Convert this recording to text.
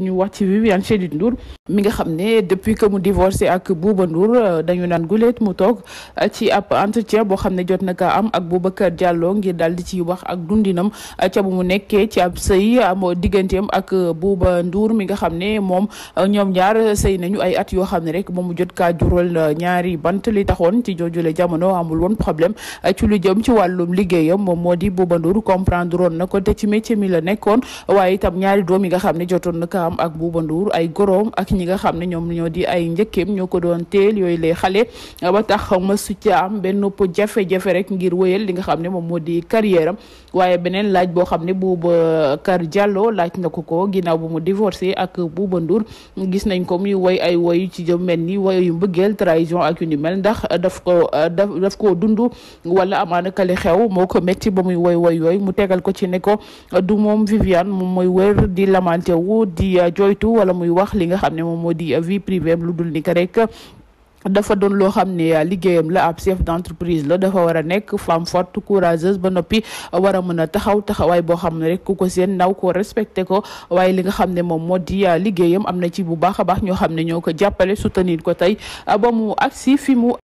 ñu wax ci Viviane Chidid Ndour mi nga xam ne depuis que mu divorcé ak Bouba Ndour euh, dañu naan guleet mu toog euh, ci ab entretien boo xam ne jot na kaa am ak Boubacar Diallo ngir daal di ci wax ak dundinam euh, ca bu mu nekkee ci ab sëy am digganteem ak Bouba Ndour mi nga xam ne moom ñoom ñaar sëy nañu ay at yoo xam ne rek moom mu jot kaa jural ñaari bant li taxoon ci joojule jamono amul woon problème ci lu jëm ci wàllum liggéeyam moom moo di Bouba Ndour comprendre woon na ko te ci métier mi la nekkoon waaye itam ñaari doom nga xam ne jotoon na kaa Thiam ak Bouba Ndour ay goroom ak ñi xam ne ñoom ñoo di ay njëkkeem ñoo ko doon teel yooyu lay xale ba tax mësu ci am benn jafe-jafe rek ngir wéyal li nga xam ne moom moo di carrière waaye beneen laaj boo xam ne kaar Diallo laaj na ko ko ginnaaw bu mu divorcé ak Bouba Ndour gis nañ ko muy woy ay woy ci jëm mel ni woy yu mbëggeel trahison ak yu ni mel ndax daf ko daf daf koo dund wala amaana kale xew moo ko metti ba muy woy woy yooyu mu tegal ko ci neko ko du muy euh, joytu wala muy wax li nga xam ne moom moo di euh, vie privée lu dul ni ko rek dafa doon loo xam ne euh, liggéeyam la ab chef d'entreprise la dafa war a nekk femme forte courageuse ba noppi war a mën a taxaw taxawaay boo xam ne rek ku ko seen naw ko respecté ko waaye li nga xam ne moom moo di liggéeyam am na ci bu baax a baax ñoo xam ne ñoo ko jàppale soutenir ko tey ba mu agsi